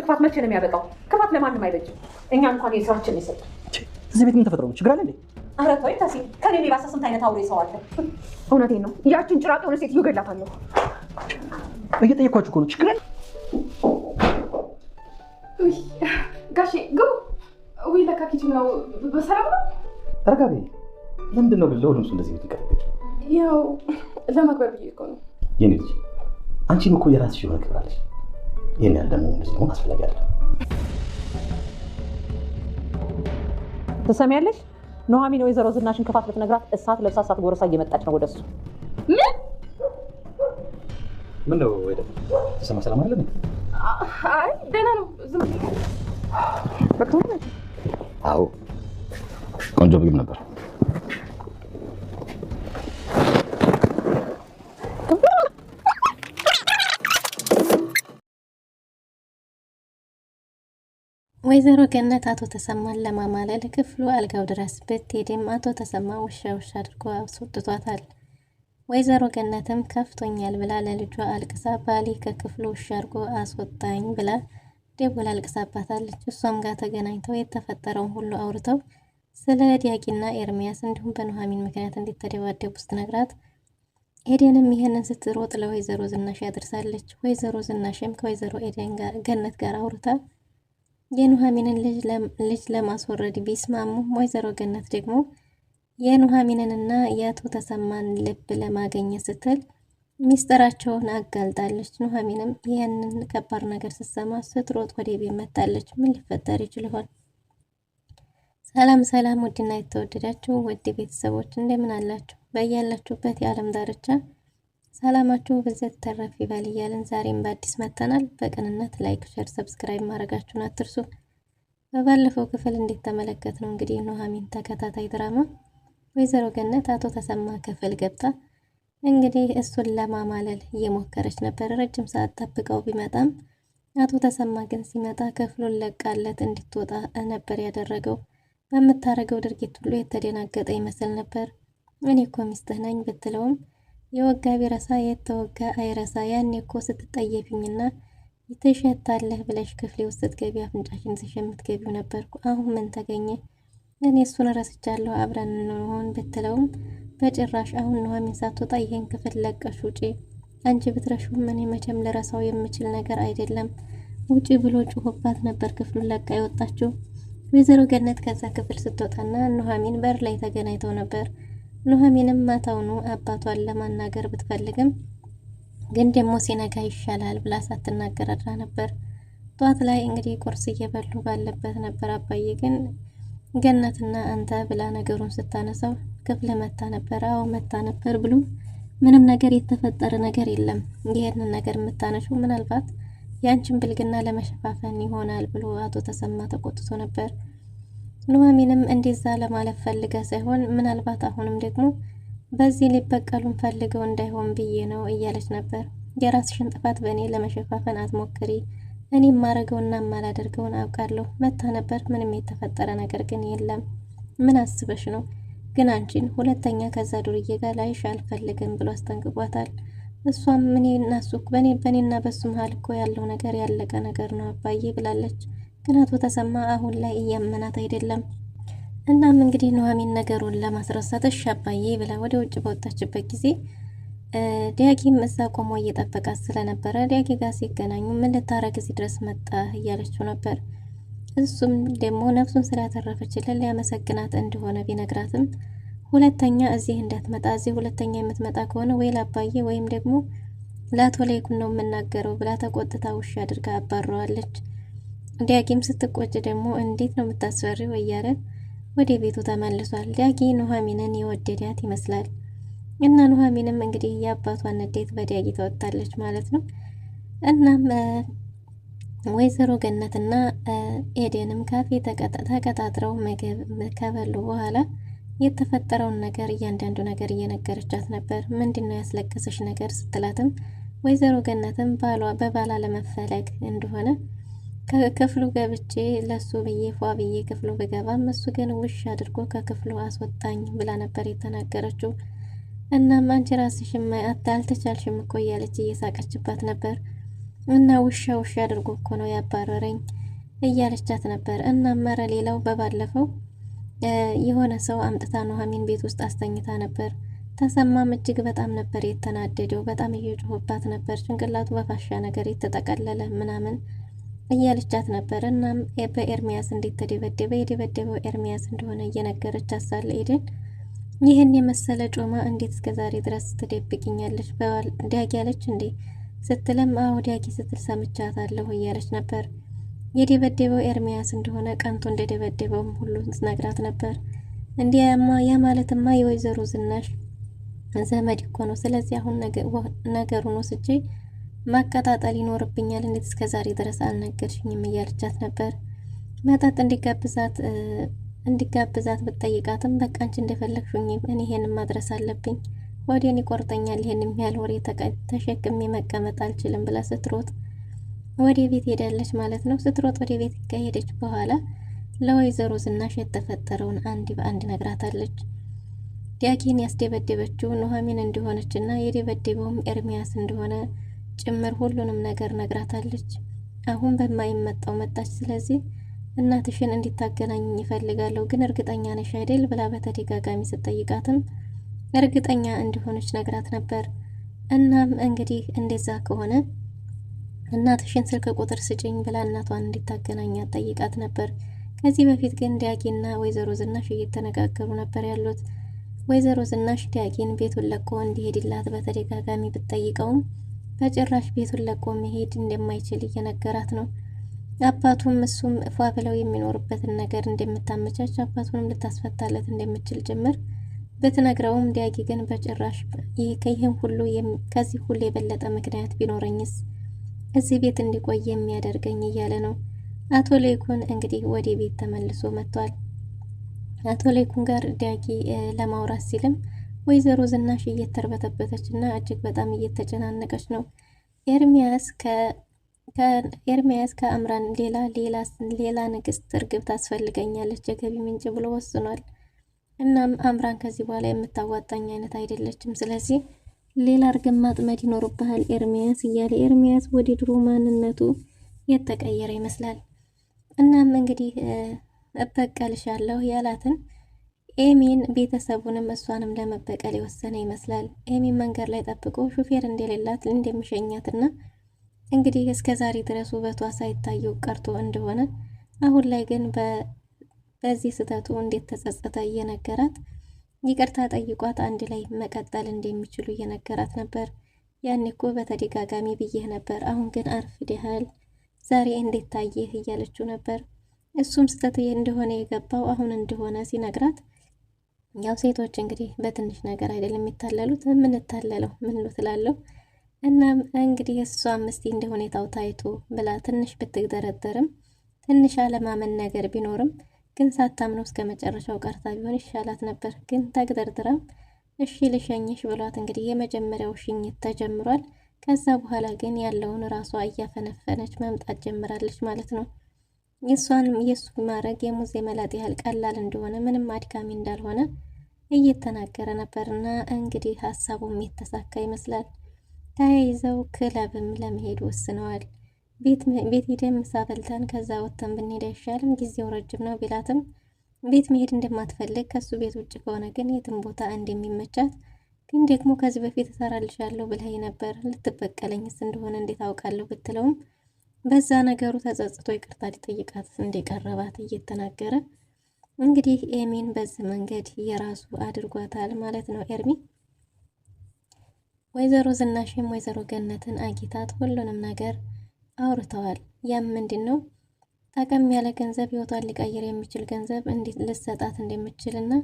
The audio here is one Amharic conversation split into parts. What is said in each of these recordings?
ክፋት መቼ ነው የሚያበቃው? ክፋት ለማንም አይበጅም። እኛ እንኳን የስራችን የሰጡ እዚህ ቤት ምን ተፈጥሮ ነው? ችግር አለ እንዴ? ኧረ ተወኝ ታሴ፣ ከኔ የባሰ ስንት አይነት አውሬ ሰው አለ። እውነቴን ነው። ያችን ጭራቅ የሆነ ሴትዮ ገላታለሁ። እየጠየኳችሁ ነው። ችግር ጋሼ ግቡ። ወይ ለካ ኪችን ነው በሰላም ነው። ተረጋቢ። ለምንድን ነው ለሁሉም ሰው እንደዚህ የምትቀረቀች? ያው ለማክበር ብዬ እኮ ነው። የኔ ልጅ አንቺም እኮ የራስሽ የሆነ ክብር አለሽ። ይህን ያህል ደግሞ እንደዚህ መሆን አስፈላጊ አለ። ትሰሚያለሽ ኑሐሚን፣ ወይዘሮ ዝናሽን ክፋት ብትነግራት እሳት ለብሳ እሳት ጎረሳ እየመጣች ነው ወደሱ ምን ምን ነው ወደ ተሰማ ሰላም አይደለም? አይ ደህና ነው። ዝም በቃ። አዎ ቆንጆ ምግብ ነበር። ወይዘሮ ገነት አቶ ተሰማን ለማማለል ክፍሉ አልጋው ድረስ ብትሄድም አቶ ተሰማ ውሻ ውሻ አድርጎ አስወጥቷታል። ወይዘሮ ገነትም ከፍቶኛል ብላ ለልጇ አልቅሳ ባሌ ከክፍሉ ውሻ አድርጎ አስወጣኝ ብላ ደቦል አልቅሳባታለች። እሷም ጋር ተገናኝተው የተፈጠረውን ሁሉ አውርተው ስለ ዲያቂና ኤርሚያስ እንዲሁም በኑሐሚን ምክንያት እንዲተደባደቡ ስትነግራት ኤደንም ይህንን ስትሮጥ ለወይዘሮ ዝናሽ ያደርሳለች። ወይዘሮ ዝናሽም ከወይዘሮ ኤደን ገነት ጋር አውርታ የኑሐሚንን ልጅ ለማስወረድ ቢስማሙም ወይዘሮ ገነት ደግሞ የኑሐሚንንና የአቶ ተሰማን ልብ ለማገኘት ስትል ሚስጥራቸውን አጋልጣለች። ኑሐሚንም ይህንን ከባድ ነገር ስትሰማ ስትሮጥ ወደ ቤት መታለች። ምን ሊፈጠር ይችል ይሆን? ሰላም ሰላም! ውድና የተወደዳችሁ ውድ ቤተሰቦች እንደምን አላችሁ? በያላችሁበት የዓለም ዳርቻ ሰላማችሁ ብዘት ተረፍ ይበል እያልን ዛሬም በአዲስ መጥተናል። በቅንነት ላይክ፣ ሸር፣ ሰብስክራይብ ማድረጋችሁን አትርሱ። በባለፈው ክፍል እንዴት ተመለከት ነው እንግዲህ ኑሐሚን ተከታታይ ድራማ ወይዘሮ ገነት አቶ ተሰማ ክፍል ገብታ እንግዲህ እሱን ለማማለል እየሞከረች ነበር። ረጅም ሰዓት ጠብቀው ቢመጣም አቶ ተሰማ ግን ሲመጣ ክፍሉን ለቃለት እንድትወጣ ነበር ያደረገው። በምታደርገው ድርጊት ሁሉ የተደናገጠ ይመስል ነበር። እኔ እኮ ሚስትህ ነኝ ብትለውም የወጋ ቢረሳ የተወጋ አይረሳ፣ ያኔ እኮ ስትጠየፍኝና ትሸታለህ ብለሽ ክፍሌ ውስጥ ስትገቢ አፍንጫሽን ስሸምት ገቢው ነበርኩ። አሁን ምን ተገኘ? እኔ እሱን ረስቻለሁ አብረን እንሆን ብትለውም በጭራሽ አሁን ኑሐሚን ሳትወጣ ይህን ክፍል ለቀሽ ውጪ፣ አንቺ ብትረሺውም እኔ መቼም ልረሳው የምችል ነገር አይደለም፣ ውጪ ብሎ ጩሆባት ነበር ክፍሉን ለቃ የወጣችው። ወይዘሮ ገነት ከዛ ክፍል ስትወጣና ኑሐሚን በር ላይ ተገናኝተው ነበር። ኑሐሚንም ማታውኑ አባቷን ለማናገር ብትፈልግም ግን ደግሞ ሲነጋ ይሻላል ብላ ሳትናገር አድራ ነበር። ጠዋት ላይ እንግዲህ ቁርስ እየበሉ ባለበት ነበር አባዬ ግን ገነትና አንተ ብላ ነገሩን ስታነሳው ክፍል መታ ነበር። አዎ መታ ነበር ብሎ ምንም ነገር የተፈጠረ ነገር የለም። ይህንን ነገር የምታነሺው ምናልባት የአንችን ብልግና ለመሸፋፈን ይሆናል ብሎ አቶ ተሰማ ተቆጥቶ ነበር። ኑሐሚንም እንደዛ ለማለፍ ፈልገ ሳይሆን ምናልባት አሁንም ደግሞ በዚህ ሊበቀሉን ፈልገው እንዳይሆን ብዬ ነው እያለች ነበር። የራስሽን ጥፋት በእኔ ለመሸፋፈን አትሞክሪ እኔ የማረገውና የማላደርገውን አውቃለሁ። መታ ነበር፣ ምንም የተፈጠረ ነገር ግን የለም። ምን አስበሽ ነው? ግን አንቺን ሁለተኛ ከዛ ዱርዬ ጋር ላይሽ አልፈልግም ብሎ አስጠንቅቋታል። እሷም ምን እሱ በእኔ በእኔና በሱ መሀል እኮ ያለው ነገር ያለቀ ነገር ነው አባዬ ብላለች። ግን አቶ ተሰማ አሁን ላይ እያመናት አይደለም። እናም እንግዲህ ኑሐሚን ነገሩን ለማስረሳት እሺ አባዬ ብላ ወደ ውጭ በወጣችበት ጊዜ ዲያኪም እዛ ቆሞ እየጠበቃት ስለነበረ ዲያጊ ጋር ሲገናኙ ምን ልታረግ እዚህ ድረስ መጣ እያለችው ነበር። እሱም ደግሞ ነፍሱን ስላተረፈችልን ሊያመሰግናት እንደሆነ ቢነግራትም ሁለተኛ እዚህ እንዳትመጣ እዚህ ሁለተኛ የምትመጣ ከሆነ ወይ ላባዬ ወይም ደግሞ ለአቶ ላይኩን ነው የምናገረው ብላ ተቆጥታ ውሻ አድርጋ አባረዋለች። ዲያጊም ስትቆጭ ደግሞ እንዴት ነው የምታስፈሪው እያለ ወደ ቤቱ ተመልሷል። ዲያጌ ኑሐሚንን የወደዳት ይመስላል። እና ኑሐሚንም እንግዲህ የአባቷን ንዴት በዲያጊ ተወጥታለች ማለት ነው። እናም ወይዘሮ ገነትና ኤደንም ካፌ ተቀጣጥረው ምግብ ከበሉ በኋላ የተፈጠረውን ነገር እያንዳንዱ ነገር እየነገረቻት ነበር። ምንድን ነው ያስለቀሰሽ ነገር ስትላትም ወይዘሮ ገነትም ባሏ በባላ ለመፈለግ እንደሆነ ከክፍሉ ገብቼ ለሱ ብዬ ፏ ብዬ ክፍሉ ብገባም እሱ ግን ውሽ አድርጎ ከክፍሉ አስወጣኝ ብላ ነበር የተናገረችው። እናም አንቺ ራስሽን አልተቻልሽም እኮ እያለች እየሳቀችባት ነበር። እና ውሻ ውሻ አድርጎ እኮ ነው ያባረረኝ እያለቻት ነበር። እናም ኧረ ሌላው በባለፈው የሆነ ሰው አምጥታ ኑሐሚን ቤት ውስጥ አስተኝታ ነበር። ተሰማም እጅግ በጣም ነበር የተናደደው። በጣም እየጮህባት ነበር። ጭንቅላቱ በፋሻ ነገር የተጠቀለለ ምናምን እያለቻት ነበር። እናም በኤርሚያስ እንዴት ተደበደበ የደበደበው ኤርሚያስ እንደሆነ እየነገረች አሳለ ኤደን ይህን የመሰለ ጮማ እንዴት እስከ ዛሬ ድረስ ትደብቅኛለች? ዳጊ አለች እንዴ ስትልም አዎ ዳጊ ስትል ሰምቻታለሁ እያለች ነበር። የደበደበው ኤርሚያስ እንደሆነ ቀንቶ እንደደበደበውም ሁሉ ነግራት ነበር። እንዲያማ ያ ማለትማ የወይዘሮ ዝናሽ ዘመድ እኮ ነው። ስለዚህ አሁን ነገሩን ወስጄ ማቀጣጠል ይኖርብኛል። እንዴት እስከ ዛሬ ድረስ አልነገርሽኝም? እያለቻት ነበር መጠጥ እንዲጋብዛት እንዲጋብዛት ብትጠይቃትም በቃ አንቺ እንደፈለግሽኝ እኔ ይሄን ማድረስ አለብኝ፣ ወዲን ይቆርጠኛል፣ ይሄን የሚያል ወሬ ተሸክሜ መቀመጥ አልችልም ብላ ስትሮጥ ወደ ቤት ሄዳለች ማለት ነው። ስትሮጥ ወደ ቤት ከሄደች በኋላ ለወይዘሮ ዝናሽ የተፈጠረውን አንድ በአንድ ነግራታለች። ዲያኪን ያስደበደበችው ኑሐሚን እንደሆነች እና የደበደበውም ኤርሚያስ እንደሆነ ጭምር ሁሉንም ነገር ነግራታለች። አሁን በማይመጣው መጣች። ስለዚህ እናትሽን እንዲታገናኝ ይፈልጋለሁ ግን እርግጠኛ ነሽ አይደል ብላ በተደጋጋሚ ስትጠይቃትም እርግጠኛ እንደሆነች ነግራት ነበር። እናም እንግዲህ እንደዛ ከሆነ እናትሽን ስልክ ቁጥር ስጭኝ ብላ እናቷን እንዲታገናኝ ጠይቃት ነበር። ከዚህ በፊት ግን ዲያቂና ወይዘሮ ዝናሽ እየተነጋገሩ ነበር ያሉት። ወይዘሮ ዝናሽ ዲያቂን ቤቱን ለቆ እንዲሄድላት በተደጋጋሚ ብትጠይቀውም በጭራሽ ቤቱን ለቆ መሄድ እንደማይችል እየነገራት ነው። አባቱም እሱም እፏ ብለው የሚኖርበትን ነገር እንደምታመቻች አባቱንም ልታስፈታለት እንደምትችል ጭምር ብትነግረውም ዲያጌ ግን በጭራሽ ይህ ሁሉ ከዚህ ሁሉ የበለጠ ምክንያት ቢኖረኝስ እዚህ ቤት እንዲቆይ የሚያደርገኝ እያለ ነው። አቶ ሌኩን እንግዲህ ወደ ቤት ተመልሶ መጥቷል። አቶ ሌኩን ጋር ዲያጌ ለማውራት ሲልም ወይዘሮ ዝናሽ እየተርበተበተች እና እጅግ በጣም እየተጨናነቀች ነው ኤርሚያስ ከ ከኤርሚያስ ከአምራን ሌላ ሌላ ሌላ ንግስት እርግብ ታስፈልገኛለች የገቢ ምንጭ ብሎ ወስኗል። እናም አምራን ከዚህ በኋላ የምታዋጣኝ አይነት አይደለችም። ስለዚህ ሌላ እርግብ ማጥመድ ይኖርብሃል ኤርሚያስ እያለ ኤርሚያስ ወደ ድሮ ማንነቱ የተቀየረ ይመስላል። እናም እንግዲህ እበቀልሻለሁ ያላትን ኤሚን ቤተሰቡንም እሷንም ለመበቀል የወሰነ ይመስላል። ኤሚን መንገድ ላይ ጠብቆ ሹፌር እንደሌላት እንደሚሸኛትና እንግዲህ እስከ ዛሬ ድረስ ውበቷ ሳይታየው ቀርቶ እንደሆነ አሁን ላይ ግን በዚህ ስህተቱ እንዴት ተጸጸተ እየነገራት ይቅርታ ጠይቋት አንድ ላይ መቀጠል እንደሚችሉ እየነገራት ነበር። ያኔ እኮ በተደጋጋሚ ብዬህ ነበር፣ አሁን ግን አርፍደሃል፣ ዛሬ እንዴት ታየህ እያለችው ነበር። እሱም ስህተት እንደሆነ የገባው አሁን እንደሆነ ሲነግራት ያው ሴቶች እንግዲህ በትንሽ ነገር አይደለም የሚታለሉት። ምንታለለው ምን ትላለው እናም እንግዲህ እሷም እስቲ እንደ ሁኔታው ታይቶ ብላ ትንሽ ብትደረደርም ትንሽ አለማመን ነገር ቢኖርም ግን ሳታምነው እስከ መጨረሻው ቀርታ ቢሆን ይሻላት ነበር። ግን ተግደርድራም እሺ ልሸኝሽ ብሏት እንግዲህ የመጀመሪያው ሽኝት ተጀምሯል። ከዛ በኋላ ግን ያለውን ራሷ እያፈነፈነች መምጣት ጀምራለች ማለት ነው። የእሷን የእሱ ማድረግ የሙዝ የመላጥ ያህል ቀላል እንደሆነ ምንም አድካሚ እንዳልሆነ እየተናገረ ነበርና እንግዲህ ሀሳቡም የተሳካ ይመስላል። ተያይዘው ክለብም ለመሄድ ወስነዋል። ቤት ሄደን ምሳ በልተን ከዛ ወጥተን ብንሄድ አይሻልም? ጊዜው ረጅም ነው ቢላትም ቤት መሄድ እንደማትፈልግ ከሱ ቤት ውጭ ከሆነ ግን የትም ቦታ እንደሚመቻት ግን ደግሞ ከዚህ በፊት እሰራልሻለሁ ብለኸኝ ነበር ልትበቀለኝስ እንደሆነ እንዴት አውቃለሁ ብትለውም በዛ ነገሩ ተጸጽቶ ይቅርታ ሊጠይቃት እንደቀረባት እየተናገረ እንግዲህ ኤሚን በዚህ መንገድ የራሱ አድርጓታል ማለት ነው ኤርሚ ወይዘሮ ዝናሽም ወይዘሮ ገነትን አጊታት ሁሉንም ነገር አውርተዋል። ያም ምንድን ነው ጠቀም ያለ ገንዘብ ህይወቷን ሊቀይር የሚችል ገንዘብ እንዴት ልሰጣት እንደምችልና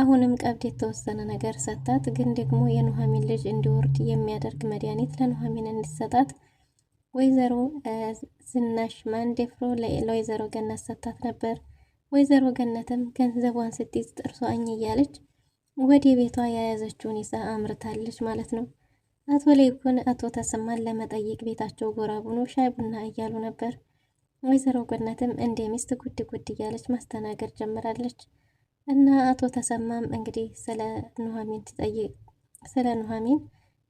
አሁንም ቀብድ የተወሰነ ነገር ሰጣት፣ ግን ደግሞ የኑሐሚን ልጅ እንዲወርድ የሚያደርግ መድኃኒት ለኑሐሚን እንዲሰጣት ወይዘሮ ዝናሽ ማን ደፍሮ ለወይዘሮ ገነት ሰጣት ነበር። ወይዘሮ ገነትም ገንዘቧን ስትይዝ ጥርሷ እኝ እያለች ወደ ቤቷ የያዘችውን ይዛ አምርታለች ማለት ነው። አቶ ለይኩን አቶ ተሰማን ለመጠየቅ ቤታቸው ጎራ ብሎ ሻይ ቡና እያሉ ነበር። ወይዘሮ ገነትም እንደ ሚስት ጉድ ጉድ እያለች ማስተናገድ ጀምራለች። እና አቶ ተሰማም እንግዲህ ስለ ኑሐሚን ትጠይቅ ስለ ኑሐሚን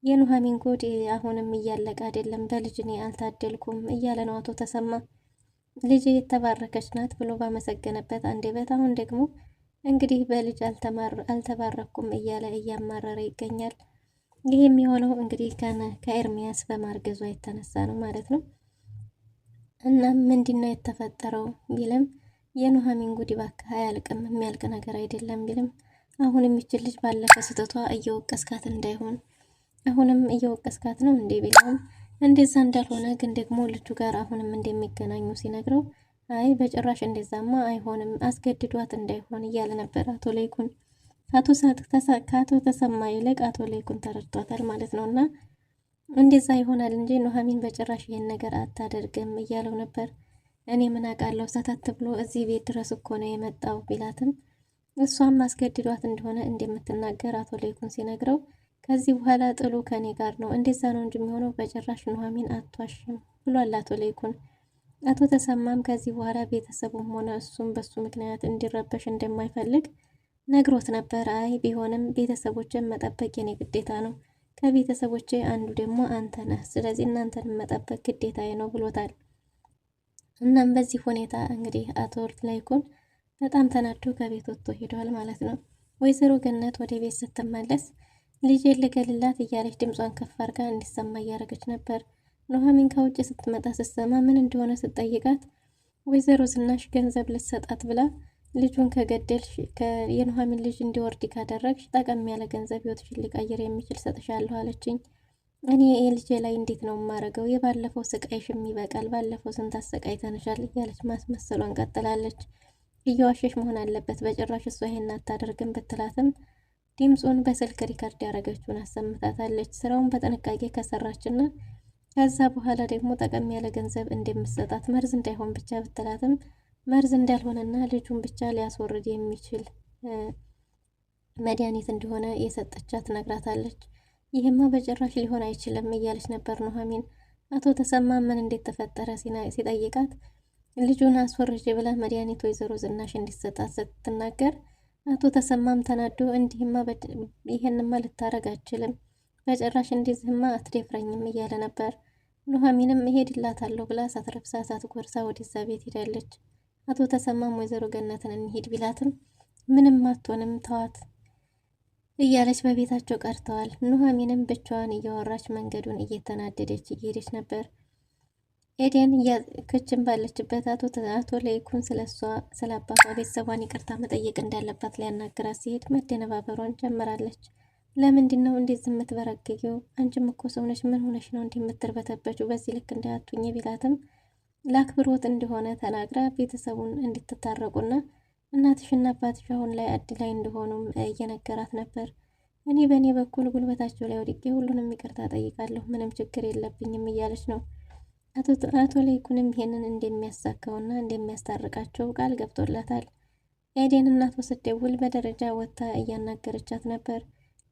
የኑሐሚን ጉድ አሁንም እያለቀ አይደለም፣ በልጅ እኔ አልታደልኩም እያለ ነው አቶ ተሰማ። ልጅ የተባረከች ናት ብሎ ባመሰገነበት አንደበት አሁን ደግሞ እንግዲህ በልጅ አልተባረኩም እያለ እያማረረ ይገኛል። ይህ የሚሆነው እንግዲህ ከኤርሚያስ በማርገዟ የተነሳ ነው ማለት ነው። እናም ምንድን ነው የተፈጠረው ቢልም የኑሐሚን ጉድ እባክህ አያልቅም፣ የሚያልቅ ነገር አይደለም ቢልም አሁን የሚችል ልጅ ባለፈ ስህተቷ እየወቀስካት እንዳይሆን አሁንም እየወቀስካት ነው እንዴ ቢልም እንደዛ እንዳልሆነ ግን ደግሞ ልጁ ጋር አሁንም እንደሚገናኙ ሲነግረው አይ በጭራሽ እንደዛማ አይሆንም፣ አስገድዷት እንዳይሆን እያለ ነበር አቶ ላይኩን። ከአቶ ተሰማ ይልቅ አቶ ላይኩን ተረድቷታል ማለት ነው። እና እንደዛ ይሆናል እንጂ ኑሐሚን በጭራሽ ይህን ነገር አታደርግም እያለው ነበር። እኔ ምን አውቃለሁ ሰተት ብሎ እዚህ ቤት ድረስ እኮ ነው የመጣው ቢላትም እሷም አስገድዷት እንደሆነ እንደምትናገር አቶ ላይኩን ሲነግረው ከዚህ በኋላ ጥሉ ከኔ ጋር ነው እንደዛ ነው እንጂ የሚሆነው በጭራሽ ኑሐሚን አቷሽም ብሏል አቶ ላይኩን። አቶ ተሰማም ከዚህ በኋላ ቤተሰቡም ሆነ እሱም በሱ ምክንያት እንዲረበሽ እንደማይፈልግ ነግሮት ነበር። አይ ቢሆንም ቤተሰቦችን መጠበቅ የኔ ግዴታ ነው፣ ከቤተሰቦቼ አንዱ ደግሞ አንተ ነህ፣ ስለዚህ እናንተን መጠበቅ ግዴታዬ ነው ብሎታል። እናም በዚህ ሁኔታ እንግዲህ አቶ ላይኩን በጣም ተናዶ ከቤት ወጥቶ ሄደዋል ማለት ነው። ወይዘሮ ገነት ወደ ቤት ስትመለስ ልጄ ልገልላት እያለች ድምጿን ከፍ አርጋ እንዲሰማ እያደረገች ነበር። ኑሐሚን ከውጭ ስትመጣ ስትሰማ ምን እንደሆነ ስትጠይቃት ወይዘሮ ዝናሽ ገንዘብ ልትሰጣት ብላ ልጁን ከገደልሽ የኑሐሚን ልጅ እንዲወርድ ካደረግሽ ጠቀም ያለ ገንዘብ ህይወትሽን ሊቀይር የሚችል ሰጥሻለሁ አለችኝ። እኔ የልጄ ላይ እንዴት ነው የማረገው? የባለፈው ስቃይሽም ይበቃል። ባለፈው ስንት አሰቃይተንሻል እያለች ማስመሰሏን ቀጥላለች። እየዋሸሽ መሆን አለበት በጭራሽ እሷ ይሄን አታደርግም ብትላትም ድምፁን በስልክ ሪካርድ ያደረገችውን አሰምታታለች። ስራውን በጥንቃቄ ከሰራችና ከዛ በኋላ ደግሞ ጠቀም ያለ ገንዘብ እንደምትሰጣት መርዝ እንዳይሆን ብቻ ብትላትም መርዝ እንዳልሆነና ልጁን ብቻ ሊያስወርድ የሚችል መድኃኒት እንደሆነ የሰጠቻት ነግራታለች። ይህማ በጭራሽ ሊሆን አይችልም እያለች ነበር ኑሐሚን። አቶ ተሰማ ምን እንዴት ተፈጠረ ሲጠይቃት ልጁን አስወርጅ ብላ መድኃኒት ወይዘሮ ዝናሽ እንዲሰጣት ስትናገር አቶ ተሰማም ተናዶ እንዲህማ ይህንማ ልታረግ አችልም በጭራሽ እንደዚህማ አትደፍረኝም እያለ ነበር። ኑሐሚንም እሄድላታለሁ ብላ ሳትረብሳ ሳትጎርሳ ወደዛ ቤት ሄዳለች። አቶ ተሰማም ወይዘሮ ገነትን እንሂድ ቢላትም ምንም አትሆንም ተዋት እያለች በቤታቸው ቀርተዋል። ኑሐሚንም ብቻዋን እያወራች መንገዱን እየተናደደች እየሄደች ነበር። ኤደን ክችን ባለችበት አቶ ለይኩን ስለሷ ስለ አባቷ ቤተሰቧን ይቅርታ መጠየቅ እንዳለባት ሊያናግራት ሲሄድ መደነባበሯን ጀምራለች። ለምንድን ነው እንዴት ዝም የምትበረግጊው? አንቺም እኮ ሰውነች ምን ሆነሽ ነው እንዲህ የምትርበተበችው? በዚህ ልክ እንዳያቱኝ ቢላትም ለአክብሮት እንደሆነ ተናግራ ቤተሰቡን እንድትታረቁና እናትሽና አባትሽ አሁን ላይ አድ ላይ እንደሆኑም እየነገራት ነበር። እኔ በእኔ በኩል ጉልበታቸው ላይ ወድቄ ሁሉንም ይቅርታ ጠይቃለሁ፣ ምንም ችግር የለብኝም እያለች ነው። አቶ ለይኩንም ይሄንን እንደሚያሳካውና እንደሚያስታርቃቸው ቃል ገብቶላታል። ኤዴን እናቷ ስትደውል በደረጃ ወጥታ እያናገረቻት ነበር።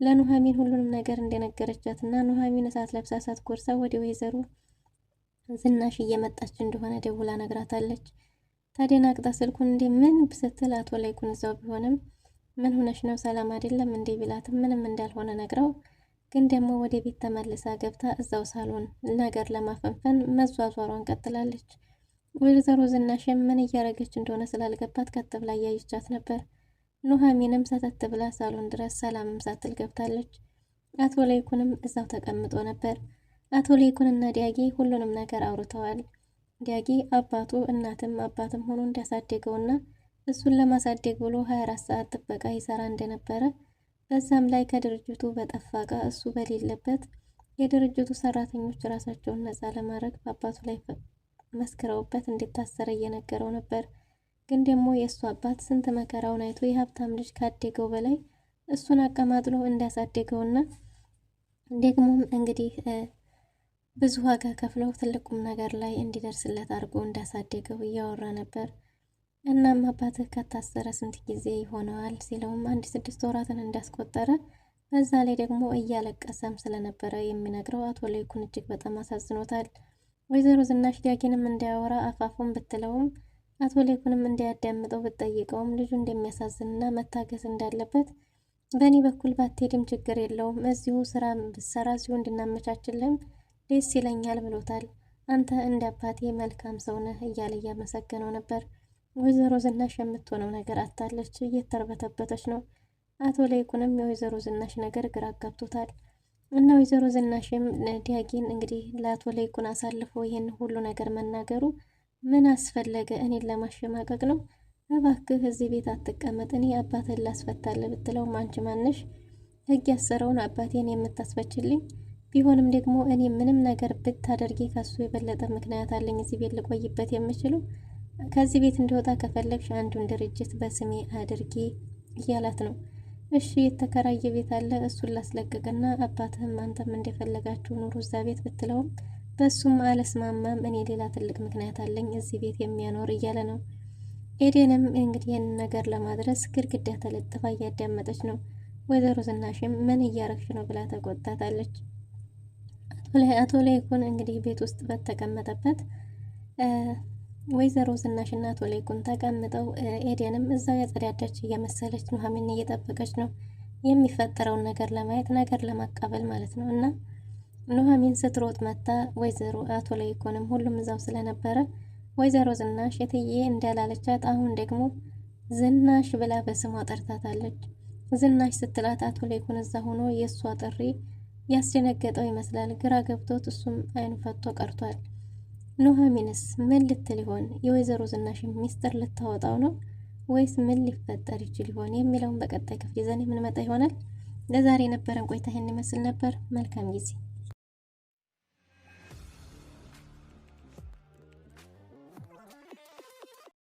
ለኑሐሚን ሁሉንም ነገር እንደነገረቻትና ኑሐሚን እሳት ለብሳ እሳት ጎርሳ ወደ ወይዘሮ ዝናሽ እየመጣች እንደሆነ ደውላ ነግራታለች። ታዲያ ናቅጣ ስልኩን እንዴ ምን ብስትል አቶ ላይኩን እዛው ቢሆንም ምን ሆነሽ ነው ሰላም አይደለም እንዴ ቢላትም ምንም እንዳልሆነ ነግረው ግን ደግሞ ወደ ቤት ተመልሳ ገብታ እዛው ሳሎን ነገር ለማፈንፈን መዟዟሯን ቀጥላለች። ወይዘሮ ዝናሽም ምን እያረገች እንደሆነ ስላልገባት ቀጥ ብላ እያየቻት ነበር። ኑሐሚንም ሰተት ብላ ሳሎን ድረስ ሰላምም ሳትል ገብታለች። አቶ ላይኩንም እዛው ተቀምጦ ነበር። አቶ እና ዲያጌ ሁሉንም ነገር አውርተዋል። ዲያጌ አባቱ እናትም አባትም ሆኖ እንዳሳደገውና እሱን ለማሳደግ ብሎ 24 ሰዓት ጥበቃ ይሰራ እንደነበረ በዛም ላይ ከድርጅቱ በጠፋ እቃ እሱ በሌለበት የድርጅቱ ሰራተኞች ራሳቸውን ነፃ ለማድረግ በአባቱ ላይ መስክረውበት እንዲታሰረ እየነገረው ነበር። ግን ደግሞ የእሱ አባት ስንት መከራውን አይቶ የሀብታም ልጅ ካደገው በላይ እሱን አቀማጥሎ እንዳሳደገውና ደግሞም እንግዲህ ብዙ ዋጋ ከፍለው ትልቁም ነገር ላይ እንዲደርስለት አድርጎ እንዳሳደገው እያወራ ነበር። እናም አባትህ ከታሰረ ስንት ጊዜ ይሆነዋል ሲለውም አንድ ስድስት ወራትን እንዳስቆጠረ በዛ ላይ ደግሞ እያለቀሰም ስለነበረ የሚነግረው አቶ ለይኩን እጅግ በጣም አሳዝኖታል። ወይዘሮ ዝናሽ ዳጊንም እንዳያወራ አፋፉን ብትለውም አቶ ለይኩንም እንዳያዳምጠው ብትጠይቀውም ልጁ እንደሚያሳዝንና መታገስ እንዳለበት በእኔ በኩል ባትሄድም ችግር የለውም እዚሁ ስራ ብትሰራ እዚሁ እንድናመቻችልም ደስ ይለኛል ብሎታል። አንተ እንደ አባቴ መልካም ሰው ነህ እያለ እያመሰገነው ነበር። ወይዘሮ ዝናሽ የምትሆነው ነገር አታለች፣ እየተርበተበተች ነው። አቶ ላይኩንም የወይዘሮ ዝናሽ ነገር ግራ አጋብቶታል። እና ወይዘሮ ዝናሽም ዲያጌን እንግዲህ ለአቶ ለይኩን አሳልፎ ይህን ሁሉ ነገር መናገሩ ምን አስፈለገ? እኔን ለማሸማቀቅ ነው? እባክህ እዚህ ቤት አትቀመጥ፣ እኔ አባትን ላስፈታለ ብትለው ማንች ማንሽ ህግ ያሰረውን አባቴን የምታስፈችልኝ ቢሆንም ደግሞ እኔ ምንም ነገር ብታደርጊ ከሱ የበለጠ ምክንያት አለኝ እዚህ ቤት ልቆይበት የምችለው። ከዚህ ቤት እንደወጣ ከፈለግሽ አንዱን ድርጅት በስሜ አድርጊ እያላት ነው። እሺ የተከራየ ቤት አለ እሱን ላስለቅቅና አባትህም አንተም እንደፈለጋችሁ ኑሩ እዛ ቤት ብትለውም በእሱም አለስማማም። እኔ ሌላ ትልቅ ምክንያት አለኝ እዚህ ቤት የሚያኖር እያለ ነው። ኤዴንም እንግዲህ ይህን ነገር ለማድረስ ግድግዳ ተለጥፋ እያዳመጠች ነው። ወይዘሮ ዝናሽም ምን እያረግሽ ነው ብላ ተቆጣታለች። አቶ ላይኩን እንግዲህ ቤት ውስጥ በተቀመጠበት ወይዘሮ ዝናሽ እና አቶ ላይኩን ተቀምጠው ኤደንም እዛው ያጸዳዳች እየመሰለች ኑሐሚን እየጠበቀች ነው የሚፈጠረውን ነገር ለማየት ነገር ለማቃበል ማለት ነው እና ኑሐሚን ስትሮጥ መታ ወይዘሮ አቶ ላይኩንም ሁሉም እዛው ስለነበረ ወይዘሮ ዝናሽ የትዬ እንዳላለቻት አሁን ደግሞ ዝናሽ ብላ በስሟ ጠርታታለች። ዝናሽ ስትላት አቶ ላይኩን እዛ ሆኖ የእሷ ጥሪ ያስደነገጠው ይመስላል። ግራ ገብቶት እሱም አይኑ ፈቶ ቀርቷል። ኑሐሚንስ ምን ልትል ይሆን? የወይዘሮ ዝናሽ ሚስጥር ልታወጣው ነው ወይስ ምን ሊፈጠር ይችል ይሆን የሚለውን በቀጣይ ክፍል ይዘን የምንመጣ ይሆናል። ለዛሬ የነበረን ቆይታ ይህን ይመስል ነበር። መልካም ጊዜ